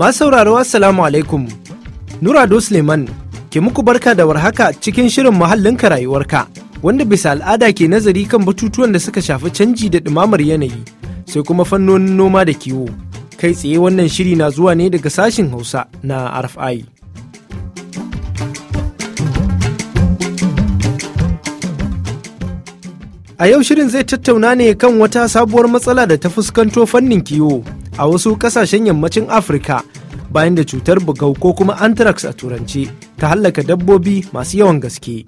Masu sauraro Assalamu alaikum. Nurado Suleiman ke muku barka da warhaka cikin shirin muhallinka rayuwarka wanda bisa al'ada ke nazari kan batutuwan da suka shafi canji da ɗumamar yanayi sai kuma fannonin noma da kiwo. Kai tsaye wannan shiri na zuwa ne daga sashin Hausa na RFI. A yau shirin zai tattauna ne kan wata sabuwar matsala da ta fuskanto fannin kiwo. a wasu kasashen yammacin afirka bayan da cutar bugau ko kuma anthrax a turance ta hallaka dabbobi masu yawan gaske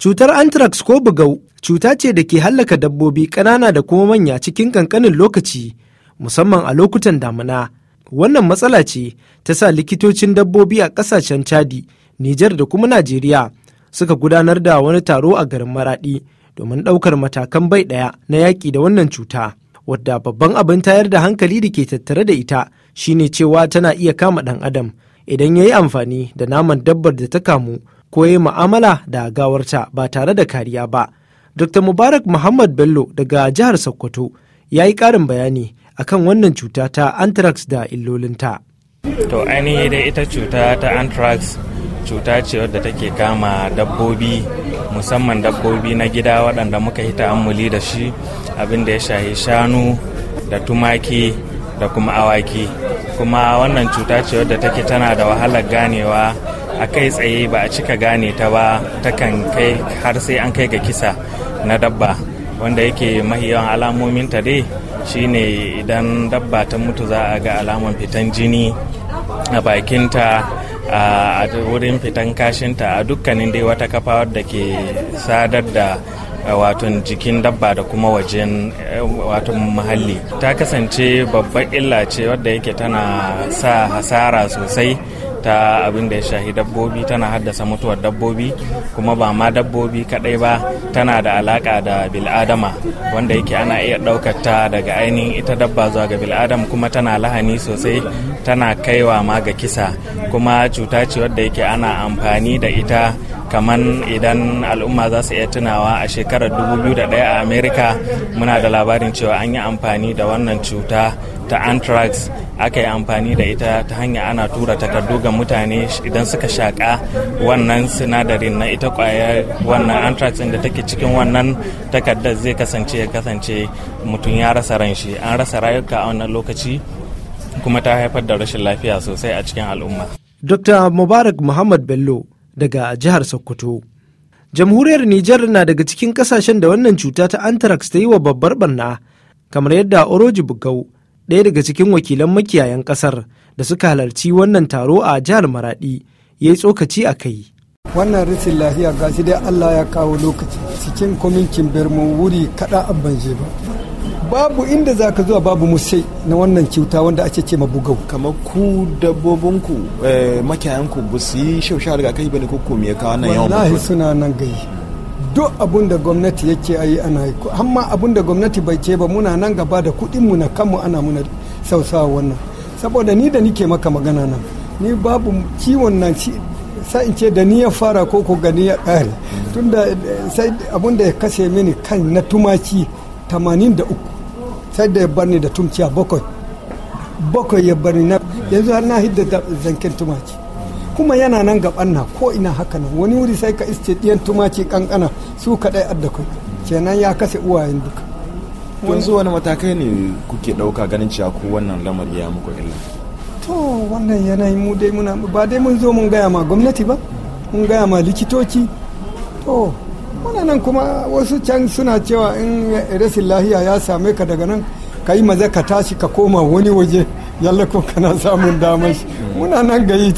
cutar anthrax ko bugau cuta ce da ke hallaka dabbobi ƙanana da kuma manya cikin ƙanƙanin lokaci musamman a lokutan damuna, wannan matsala ce ta sa likitocin dabbobi a ƙasashen chadi nijar da kuma najeriya suka gudanar da wani taro a garin Maraɗi domin ɗaukar matakan bai ɗaya na yaƙi da wannan cuta. Wadda babban abin tayar da hankali da ke tattare da ita shine cewa tana iya kama ɗan adam idan ya yi amfani da naman dabbar da ta kamu ko ya yi mu'amala da gawarta ba tare da kariya ba. Dr. Mubarak Muhammad Bello daga jihar Sokoto ya yi ƙarin bayani akan wannan cuta ta anthrax da illolinta. To ainihi dai ita cuta ta anthrax cuta ce wadda take kama dabbobi musamman dabbobi na gida waɗanda muka hita ta'ammuli da shi abin da ya shahi shanu da tumaki da kuma awaki kuma wannan cuta ce wadda take tana da wahalar ganewa a kai tsaye ba a cika gane ta ba takan kai har sai an kai ga kisa na dabba wanda yake mahi alamomin alamominta dai shine idan dabba ta mutu za a ga alaman fitan jini a bakinta a wurin fitan kashinta a dukkanin dai wata kafa wadda ke sadar da wato jikin dabba da kuma wajen eh, wato muhalli ta kasance babbar illa ce wadda yake tana sa hasara sosai ta abin da ya shahi dabbobi tana haddasa mutuwar dabbobi kuma ba ma dabbobi kadai ba tana da alaka da bil'adama wanda yake ana iya ɗaukar ta daga ainihin ita dabba zuwa ga bil'adam kuma tana lahani sosai tana kaiwa ma ga kisa kuma cuta ce wadda yake ana amfani da ita kaman idan al'umma za su iya tunawa a shekarar 2001 a amerika muna da labarin cewa an yi amfani da wannan cuta ta anthrax aka yi amfani da ita ta hanya ana tura takardu ga mutane idan suka shaƙa wannan sinadarin na ita kwayar wannan anthrax da take cikin wannan takardar zai kasance ya kasance mutum ya rasa ran shi an rasa rayuka a wannan lokaci kuma ta haifar da rashin lafiya sosai a cikin al'umma. Dr. Mubarak Muhammad Bello daga jihar Sokoto. Jamhuriyar Nijar na daga cikin kasashen da wannan cuta ta anthrax ta yi wa babbar barna kamar yadda Oroji Bugau ɗaya daga cikin wakilan makiyayan ƙasar da suka halarci wannan taro a jihar Maradi ya yi tsokaci a kai. wannan rashin lafiya ga dai Allah ya kawo lokaci cikin kwamitin bermo wuri kada a banje ba babu inda za ka zuwa babu musai na wannan kyauta wanda ake ce ma bugau kamar ku dabbobinku eh, makiyayanku ba su yi shausha daga kai bane ko kome ka kawo nan yawan wallahi suna nan gai duk abun da gwamnati yake ayi ana yi amma abun da gwamnati bai ce ba muna nan gaba da kuɗin mu na kanmu ana muna sausawa wannan saboda ni da nike maka magana nan ni babu ciwon nan sa in ce da ni ya fara ko ko gani ya kare tunda eh, sai abun da ya kashe mini kan na tumaki 83 sai da ya bar ni da tumciya bakwai bakwai ya bar ni na yanzu har na hidda zanken tumaci kuma yana nan gaban na ko ina haka nan wani wuri sai ka isce diyan tumaci kankana su kadai adda kai kenan ya kase uwayen duka yanzu wani matakai ne kuke ɗauka ganin cewa ko wannan lamari ya muku illa to wannan yanayi mu dai muna ba dai mun zo mun gaya ma gwamnati ba mun gaya ma likitoci to muna nan kuma wasu can suna cewa in rashin lahiya ya same ka daga nan ka yi maza ka tashi ka koma wani waje yalla ko kana samun damar shi muna nan gayi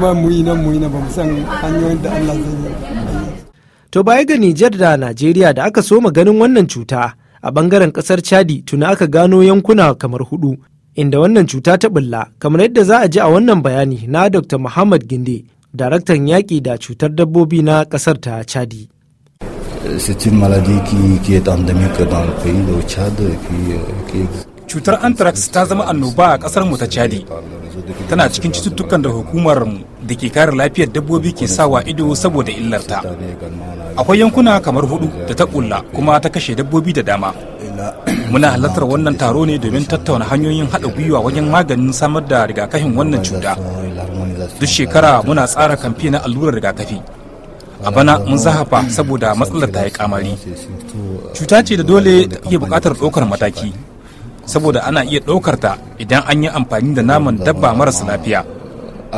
ba mu yi nan mu yi na ba mu san hanyoyin da Allah zai yi to baya ga Nijar da Najeriya da aka soma ganin wannan cuta a bangaren kasar Chadi tuna aka gano yankuna kamar hudu inda wannan cuta ta bulla kamar yadda za a ji a wannan bayani na Dr. Muhammad Ginde daraktan yaƙi da cutar dabbobi na ƙasar ta Chadi. c'est une maladie qui, qui est endémique dans le pays, le Tchad, euh, qui, qui Cutar anthrax ta zama annoba a kasar mu ta Chadi. Tana cikin cututtukan da hukumar mu da ke kare lafiyar dabbobi ke sawa ido saboda illarta. Akwai yankuna kamar hudu da ta kulla kuma ta kashe dabbobi da dama. Muna halartar wannan taro ne domin tattauna hanyoyin haɗa gwiwa wajen maganin samar da rigakafin wannan cuta. Duk shekara muna tsara kamfe na allurar rigakafi. a bana mun zahafa saboda matsalar ta yi kamari cuta ce da dole ta iya buƙatar ɗaukar mataki saboda ana iya ɗaukar ta idan an yi amfani da naman dabba marasa lafiya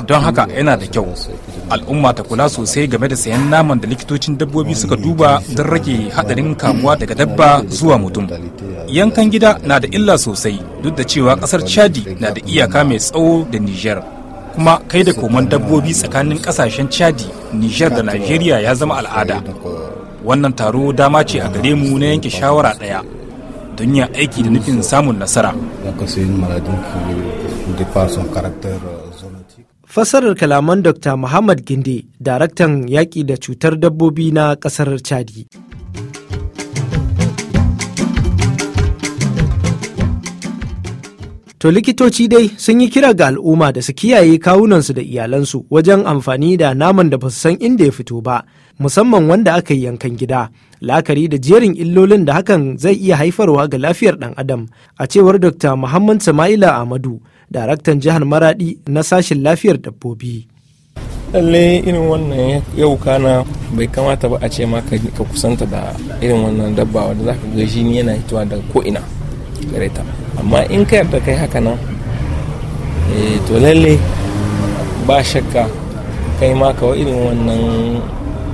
don haka yana da kyau al'umma ta kula sosai game da sayan naman da likitocin dabbobi suka duba don rage hadarin kamuwa daga dabba zuwa mutum yankan gida na da illa sosai duk da cewa kasar chadi na da iyaka mai tsawo da niger kuma kai da koman dabbobi tsakanin kasashen chadi nijar da nigeria ya zama al'ada wannan taro dama ce a gare mu na yanke shawara daya don yin aiki da nufin samun nasara fasarar kalaman dr muhammad ginde daraktan yaƙi da cutar dabbobi na ƙasar chadi To likitoci dai sun yi kira ga al'umma da su kiyaye kawunansu da iyalansu wajen amfani da naman da ba su san inda ya fito ba, musamman wanda aka yi yankan gida, la'akari da jerin illolin da hakan zai iya haifarwa ga lafiyar ɗan adam, a cewar Dr. Muhammad Sama'ila Ahmadu, daraktan jihar Maradi na sashen lafiyar dabbobi. Lalle irin wannan yau kana bai kamata ba a ce ma ka kusanta da irin wannan dabba wanda zaka ga ni yana hitowa daga ko ina. ta amma in ka yarda kai haka nan eh, to lalle ba shakka kai ma kawai irin wannan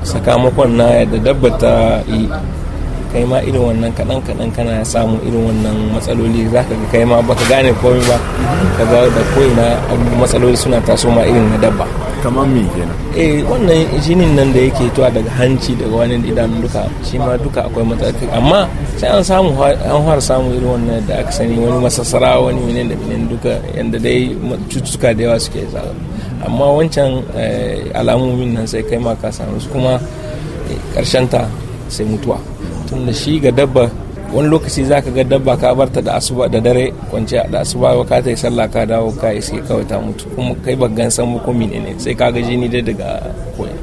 sakamakon na yadda dabba ta kai ma irin wannan kaɗan kaɗan kana samun irin wannan matsaloli za ka ga kai ma ba ka gane komai ba ka ga da ko'ina matsaloli suna taso ma irin na dabba kamar me kenan eh wannan jinin nan da yake tuwa daga hanci daga wani idanun duka shi ma duka akwai matsaloli amma sai an samu an fara samu irin wannan da aka sani wani masassara wani menene da menene duka yanda dai cututtuka da yawa suke zaga amma wancan eh, alamomin nan sai kai ma ka samu su kuma karshen eh, ta sai mutuwa da shi ga dabba wani lokaci za ka ga dabba ka barta da asuba da dare kwanciya da asuba ka ta yi sallah ka dawo ka yi sai kawai ta mutu kuma kai ba gan san ko ne sai ka ga jini dai daga koyi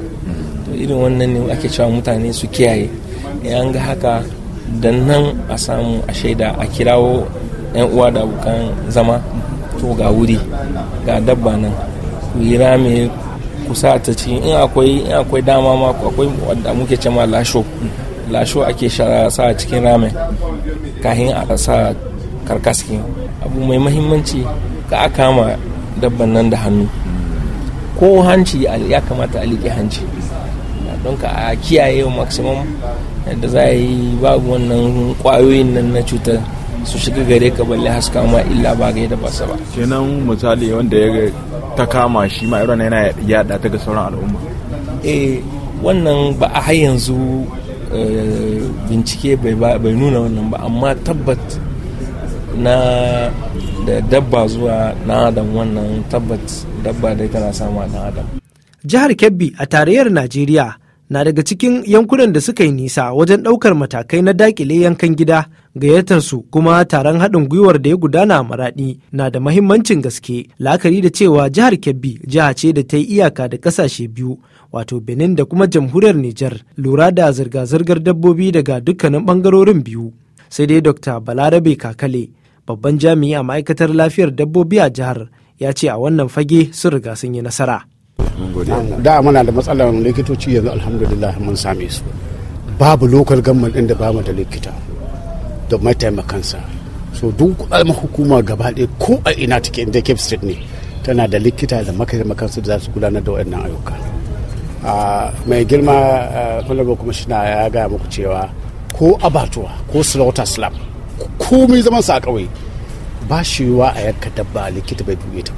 to irin wannan ne ake cewa mutane su kiyaye an ga haka da nan a samu a shaida a kirawo yan uwa da abokan zama to ga wuri ga dabba nan ku yi rame kusa ta ci in akwai dama ma akwai wadda muke cewa lasho lasho ake sa cikin ramin kahin a sa karkaski abu mai mahimmanci ka kama kama dabban nan da hannu ko hanci ya kamata a liƙe hanci don ka a kiyaye maximum da za a yi babu wannan ƙwayoyin nan na cutar su shiga gare ka balle haska ma illa ba ga da basa ba kenan misali wanda ya ta kama shi ma irin yana yada ta ga sauran al'umma eh wannan ba a har yanzu bincike bai nuna wannan ba amma tabbat na da dabba zuwa na adam wannan tabbat dabba dai tana samu na adam jihar kebbi a tarayyar najeriya na daga cikin yankunan da suka yi nisa wajen ɗaukar matakai na dakile yankan gida gayyatarsu kuma taron haɗin gwiwar da ya gudana a maraɗi na da mahimmancin gaske la'akari da cewa jihar kebbi jiha ce da ta yi iyaka da ƙasashe biyu wato benin da kuma jamhuriyar niger lura da zirga-zirgar dabbobi daga dukkanin bangarorin biyu sai dai dr balarabe kakale babban jami'i a ma'aikatar lafiyar dabbobi a jihar ya ce a wannan fage sun riga sun yi nasara da muna da matsalar likitoci yanzu alhamdulillah mun same su babu lokal gamman inda da bamu da likita da mai taimakansa so duk alma hukuma gaba ɗaya ko a ina take inda cape state ne tana da likita da mataimakansu da za su gudanar da waɗannan ayyuka mai girma eh, honorable commissioner ya gaya muku cewa ko abatuwa ko slaughter slab komai zaman sa kawai ba shi yiwa a yanka dabba likita bai buge ta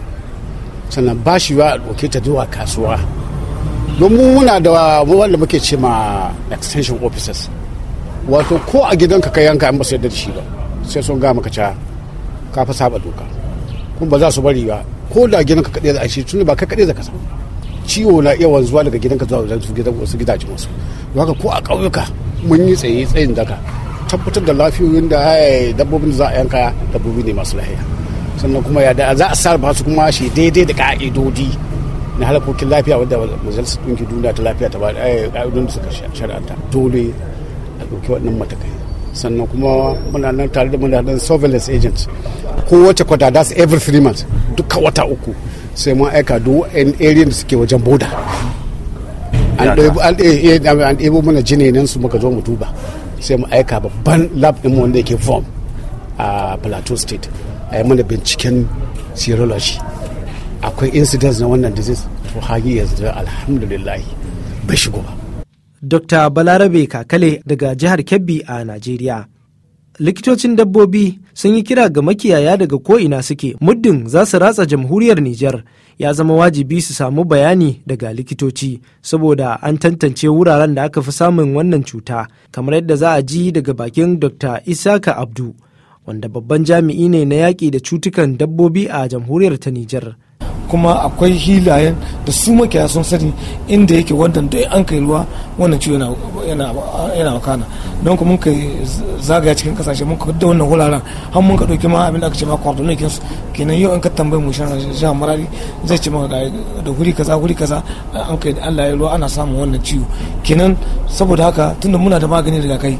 sannan ba shi yiwa a ɗauke ta zuwa kasuwa don muna da wanda muke ce ma extension officers wato ko a gidanka ka yanka an ba su yadda da shi ba sai sun ga maka ca ka fa saba doka kuma ba za su bari ba ko da gidanka kaɗai da a shi tun ba ka kaɗai da ka samu ciwo na iya wanzuwa daga gidanka zuwa wasu gidajen wasu haka ko a ƙauyuka mun yi tsaye tsayin daga tabbatar da lafiyoyin da eh, dabbobin da za a yanka dabbobi ne masu lahiya sannan kuma ya da za a sarrafa su kuma shi daidai da ka'idodi na halakokin lafiya wadda majalisar ɗinki duniya ta lafiya ta bada ka'idodin eh, da suka shari'anta dole a ɗauki waɗannan matakai sannan kuma muna nan tare da muna nan surveillance agent kowace kwata that's every three months duka wata uku sai mun aika duk area da suke wajen boda eh, an ɗebo mana nan su muka zo mu duba sai mu aika babban lab ɗin wanda yake form a plateau state a yi mana binciken serology akwai incidence na wannan disease to hagi yanzu alhamdulillah bai shigo ba dr balarabe kakale daga jihar kebbi a nigeria. likitocin dabbobi sun yi kira ga makiyaya daga ko'ina suke muddin za su ratsa jamhuriyar Nijar ya zama wajibi su samu bayani daga likitoci saboda an tantance wuraren da aka fi samun wannan cuta kamar yadda za a ji daga bakin Dr. Isaka Abdu wanda babban jami'i ne na yaƙi da cutukan dabbobi a jamhuriyar ta Nijar. kuma akwai hilayen da su makiyaya sun sani inda yake wannan da an kai ruwa wannan ciwo yana wakana don kuma kai zagaya cikin kasashe mun da wannan wuraren har mun ka ɗauki ma abin da aka ce ma kwardonin kinsu kenan yau an ka tambayi mu shan jihar marari zai ce maka da guri kaza guri kaza an kai allah ya ruwa ana samun wannan ciwo kenan saboda haka tunda muna da magani daga kai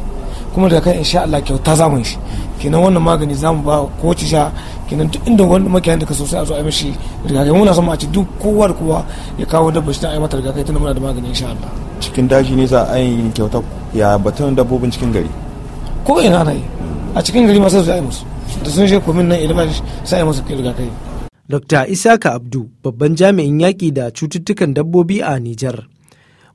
kuma da kai insha Allah kyauta za mu shi kenan wannan magani za mu ba kowace sha kenan duk inda wani maka yanda ka so sai a zo a yi mishi rigakafi muna son a ci duk kowa da kowa ya kawo dabba shi ta a yi mata rigakafi tunda muna da magani insha Allah cikin daji ne za a yi kyauta ya batun dabbobin cikin gari ko ina na yi a cikin gari ma sai su yi musu da sun shi komin nan idan ba sai yi musu rigakafi Dr. Isaka Abdu babban jami'in yaƙi da cututtukan dabbobi a Nijar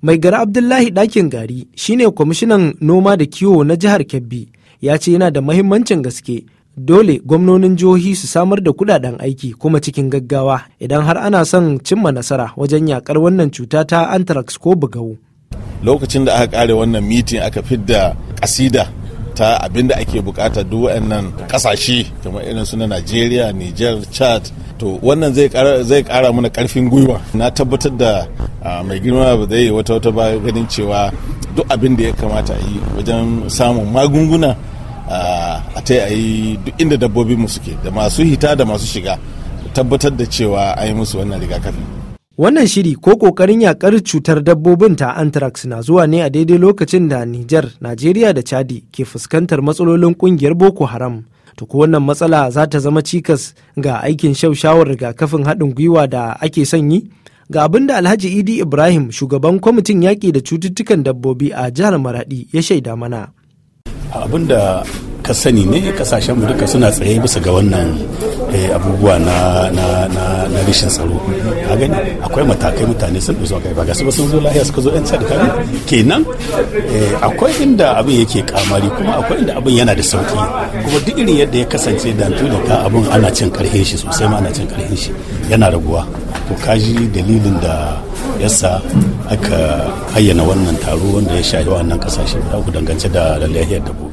mai gara abdullahi ɗakin gari shine kwamishinan noma da kiwo na jihar kebbi ya ce yana da mahimmancin gaske dole gwamnonin jihohi su samar da kudaden aiki kuma cikin gaggawa idan har ana son cimma nasara wajen yakar wannan cuta ta anthrax ko bugawu. lokacin da aka kare wannan mitin aka fidda kasida ta da ake bukata duk wayannan kasashe kamar irin su na Najeriya, Niger, Chad to wannan zai kara zai kara mana karfin gwiwa na tabbatar da mai girma ba zai yi wata wata ba ganin cewa duk abin da ya kamata a yi wajen samun magunguna a ta a yi duk inda mu suke da masu hita da masu shiga tabbatar da cewa a yi musu wannan rigakafi Wannan shiri ko kokarin yakar cutar dabbobin ta anthrax na zuwa ne a daidai lokacin da Nijar, Najeriya da Chadi ke fuskantar matsalolin kungiyar Boko Haram. To ko wannan matsala za ta zama cikas ga aikin shaushawar rigakafin haɗin gwiwa da ake son yi Ga abin da Alhaji Idi Ibrahim shugaban kwamitin yaƙi da cututtukan dabbobi a jihar maraɗi ya shaida mana. Abin da ka sani ne kasashen mu duka suna tsaye bisa ga wannan eh, abubuwa na na na na rashin tsaro a gani akwai matakai mutane sun dusu kai ba ga su ba sun zo lahiya suka zo yan kenan eh, akwai inda abin yake kamari kuma akwai inda abin yana da sauki kuma duk irin yadda ya kasance da ka abin ana cin karhe shi sosai ma ana cin karhe shi yana raguwa to kaji dalilin da yasa aka ayyana wannan taro wanda ya wa wannan kasashe da ku dangance da lahiyar dabbobi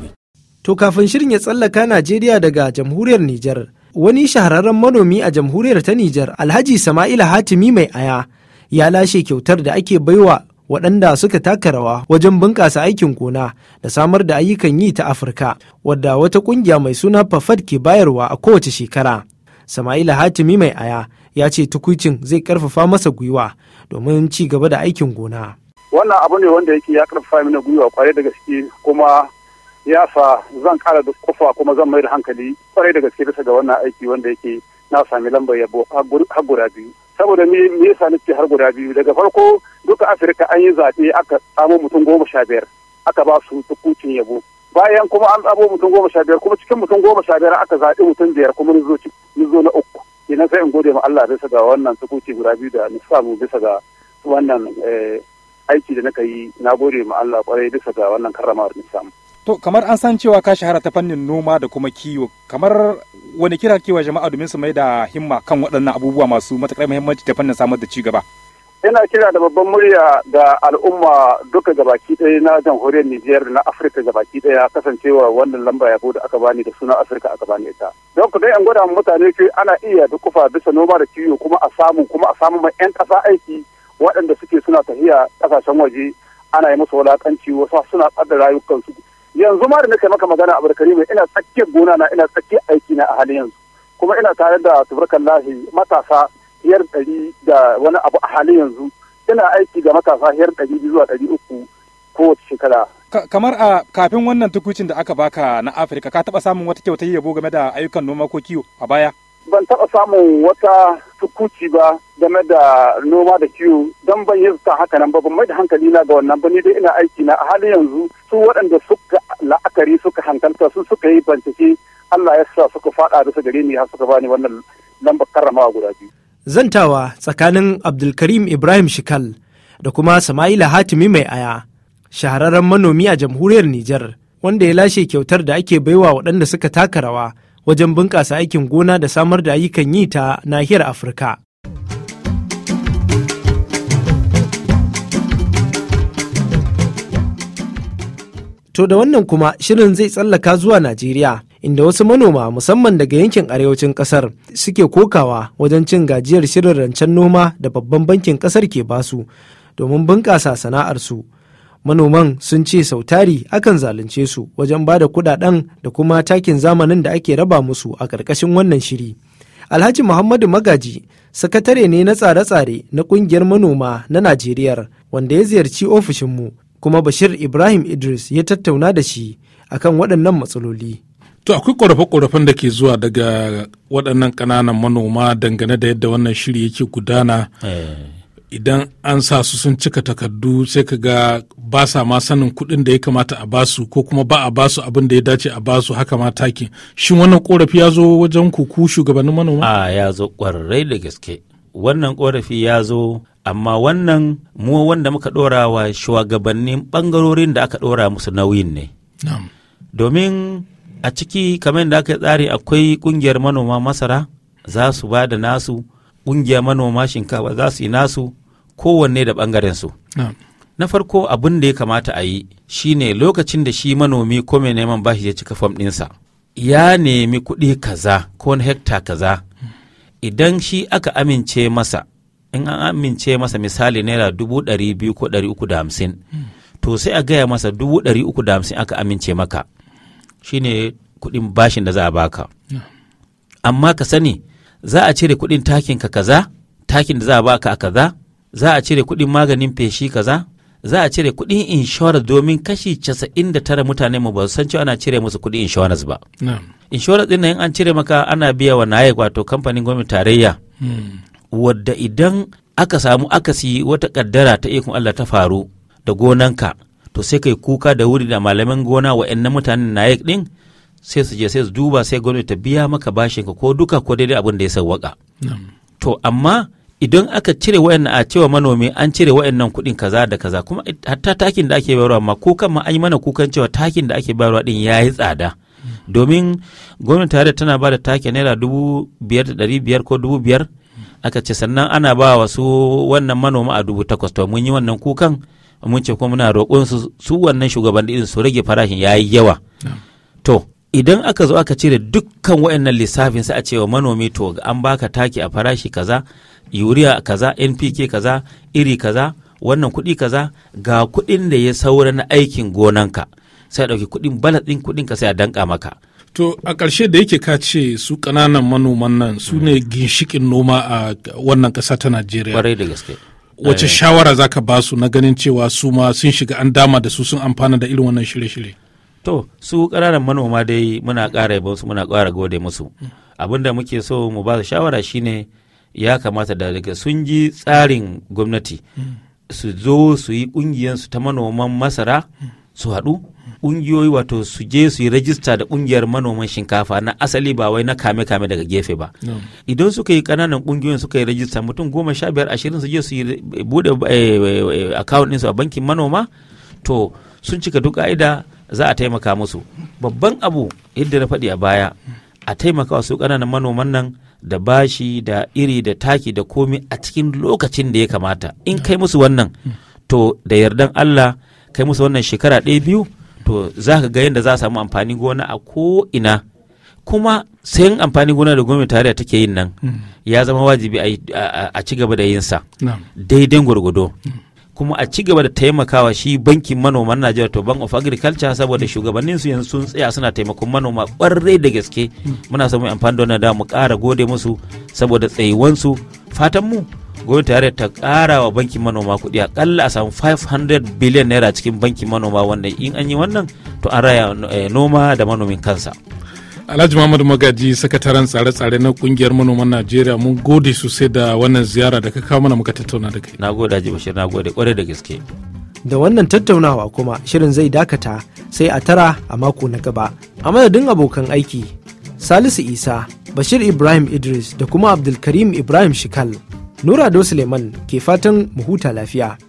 To kafin shirin ya tsallaka Najeriya daga jamhuriyar Nijar, wani shahararren manomi a jamhuriyar ta Nijar, Alhaji Sama'ila Hatimi mai aya, ya lashe kyautar da ake baiwa waɗanda suka taka rawa wajen bunƙasa aikin gona da samar da ayyukan yi ta Afirka, wadda wata ƙungiya mai suna Fafad ke bayarwa a kowace shekara. Sama'ila Hatimi mai aya ya ce tukuicin zai ƙarfafa masa gwiwa domin ci gaba da aikin gona. Wannan abu ne wanda yake ya ƙarfafa mini gwiwa kwarai da gaske kuma yasa zan kara da kofa kuma zan mai da hankali kwarai da gaske bisa ga wannan aiki wanda yake na sami lambar yabo har guda biyu saboda me me yasa nake har guda biyu daga farko duka afirka an yi zaɓe aka samu mutum goma sha biyar aka ba su tukucin yabo bayan kuma an tsabo mutum goma sha biyar kuma cikin mutum goma sha biyar aka zaɓi mutum biyar kuma nizo nizo na uku idan sai in gode ma Allah bisa ga wannan tukuci guda biyu da na samu bisa ga wannan eh, aiki da naka yi na gode ma Allah kwarai bisa ga wannan da na samu To kamar an san cewa ka shahara ta fannin noma da kuma kiwo kamar wani kira kewa jama'a domin su mai da himma kan waɗannan abubuwa masu matakar muhimmanci ta fannin samar da cigaba. Ina kira da babban murya ga al'umma duka gabaki ɗaya na jamhuriyar Nijiyar na Afirka gabaki ɗaya kasancewa wannan lamba ya da aka bani da suna Afirka aka bani ita. Don ku dai an gwada mutane ke ana iya dukufa bisa noma da kiwo kuma a samu kuma a samu mai 'yan ƙasa aiki waɗanda suke suna tafiya ƙasashen waje ana yi musu wulaƙanci wasu suna tsada rayukansu yanzu ma da nake maka magana a barkari mai ina tsakiyar gona na ina tsakiyar aiki na a halin yanzu kuma ina tare da tubarkan lahi matasa hiyar ɗari da wani abu a halin yanzu ina aiki ga matasa hiyar ɗari zuwa ɗari uku kowace shekara. kamar a kafin wannan tukucin da aka baka na afirka ka taɓa samun wata kyauta yabo game da ayyukan noma ko kiwo a baya. ban taɓa samun wata tukuci ba game da noma da kiwo don ban yi haka nan ba ban mai da hankali na ga wannan ba ni dai ina aiki na a halin yanzu su waɗanda suka la'akari suka hankalta su suka yi bincike Allah ya sa suka faɗa bisa gare ni har suka bani wannan lambar karramawa guda biyu. Zantawa tsakanin Abdulkarim Ibrahim Shikal da kuma Sama'ila Hatimi mai aya shahararren manomi a jamhuriyar Nijar wanda ya lashe kyautar da ake baiwa waɗanda suka taka rawa wajen bunƙasa aikin gona da samar da ayyukan yi ta nahiyar Afirka. To da wannan kuma shirin zai tsallaka zuwa Najeriya inda wasu manoma musamman daga yankin arewacin kasar suke kokawa wajen cin gajiyar shirin rancen noma da babban bankin kasar ke basu domin bunƙasa su, Manoman sun ce sautari akan zalunce su wajen ba da kudaden da kuma takin zamanin da ake raba musu a ƙarƙashin wannan shiri. Alhaji Muhammadu Magaji, sakatare ne na tsare-tsare na ƙungiyar manoma na Najeriya wanda ya ziyarci ofishinmu kuma Bashir Ibrahim Idris ya tattauna da shi akan waɗannan matsaloli. To akwai ƙorafe-ƙorafen da ke zuwa daga waɗannan ƙananan manoma dangane da yadda wannan shiri yake gudana. Eh. Idan an sa su sun cika takardu sai ka ga ba sa ma sanin kuɗin da ya kamata a basu ko kuma ba a basu abin da ya dace a basu haka ma takin. Shin wannan ƙorafi ya zo wajen ku shugabannin manoma? A ah, ya zo ƙwararrai da gaske. wannan ƙorafi ya zo amma wannan mu wanda muka ɗora wa shugabannin ɓangarorin da aka ɗora musu nauyin ne domin a ciki kamar da aka tsari akwai ƙungiyar manoma masara za su ba da nasu ƙungiyar manoma shinkafa za su yi nasu kowanne da ɓangarensu na farko abin da ya kamata a yi shine lokacin da shi manomi ko mai neman bashi ya cika fam ɗinsa ya nemi kuɗi kaza ko hekta kaza idan shi aka amince masa in an amince masa misali naira dubu ɗari biyu ko ɗari uku da hamsin to sai a gaya masa dubu ɗari uku da hamsin aka amince maka shine kuɗin bashin da za a baka amma ka sani za a cire kuɗin takin ka kaza takin da za a baka a kaza za a cire kuɗin maganin feshi kaza za a cire kuɗin inshorar domin kashi casa'in da tara mutane mu ba su san cewa ana cire musu kuɗin inshorar ba. Inshorar ɗin nan an cire maka ana biya wa naye wato kamfanin gwamnati tarayya. Hmm. wadda idan aka samu akasi wata kaddara ta ikon Allah ta faru da gonanka to sai kai kuka da wuri da malaman gona ɗan mutanen na din sai su je sai su duba sai gwamnati ta biya maka bashin ka ko duka ko daidai abin da ya sawwaka to amma idan aka cire wayannan a cewa manomi an cire wayannan kuɗin kaza da kaza kuma hatta takin da ake bayarwa ma kukan ma an mana kukan cewa takin da ake bayarwa din ya yi tsada hmm. domin gwamnati tare tana ba da take naira dubu biyar da ɗari biyar ko dubu biyar aka ce sannan ana ba wa su wannan manoma a dubu takwas to mun yi wannan kukan mun ce kuma muna roƙon su su wannan shugaban irin su rage farashin yayi yawa to idan aka zo aka cire dukkan waɗannan lissafin sai a ce wa manomi to an baka taki a farashi kaza yuriya kaza npk kaza iri kaza wannan kuɗi kaza ga kuɗin da ya saura na aikin gonanka sai ɗauki kuɗin balat ɗin kuɗin ka sai a danka maka To a ƙarshe da yake ka ce su ƙananan manoman nan su ne ginshikin noma a wannan ƙasa ta Najeriya. Ƙwarai da gaske. Wace eh. shawara za ka ba su na ganin cewa su ma sun shiga an dama da su sun amfana da irin wannan shirye-shirye? To su ƙananan manoma dai muna ƙara yabo su muna ƙara gode musu. Abin da muke so mu ba su shawara shine ya kamata da daga sun ji tsarin gwamnati su zo su yi ƙungiyansu ta manoman masara su haɗu. kungiyoyi wato su je su yi rajista da kungiyar manoman shinkafa na asali ba wai na kame kame daga gefe ba idan suka yi kananan kungiyoyin suka yi rajista mutum goma sha biyar ashirin su je su yi bude eh, eh, account ɗinsu a bankin manoma to sun cika duk ka'ida za a taimaka musu babban abu yadda na faɗi a baya a taimaka su kananan manoman nan da bashi da iri da taki da komi a cikin lokacin da ya kamata in kai musu wannan to da yardan Allah kai musu wannan shekara ɗaya biyu to za ka ga yadda za a samu amfani gona a ko ina kuma sayan amfani gona da gwamnati tarayya take yin nan hmm. ya zama wajibi a ci gaba da yin sa daidai gwargwado hmm. kuma a ci gaba da taimakawa shi bankin manoman Najeriya to Bank of Agriculture saboda shugabannin su yanzu sun tsaya suna taimakon manoma kwarai da gaske hmm. muna samun amfani da wannan da mu kara gode musu saboda tsayuwan su fatan mu gwamnati tare ta ƙara wa bankin manoma kuɗi kalla a samu 500 biliyan naira cikin bankin manoma wanda in an yi wannan to an raya eh, noma da manomin kansa alhaji muhammadu magaji sakataren tsare-tsare na kungiyar manoman najeriya mun gode sosai da wannan ziyara da ka kawo mana muka tattauna da kai na gode haji bashir na gode kwarai da gaske da wannan tattaunawa kuma shirin zai dakata sai a tara a mako na gaba a madadin abokan aiki salisu isa bashir ibrahim idris da kuma abdulkarim ibrahim shikal Nura Ado Suleiman ke fatan mu huta lafiya.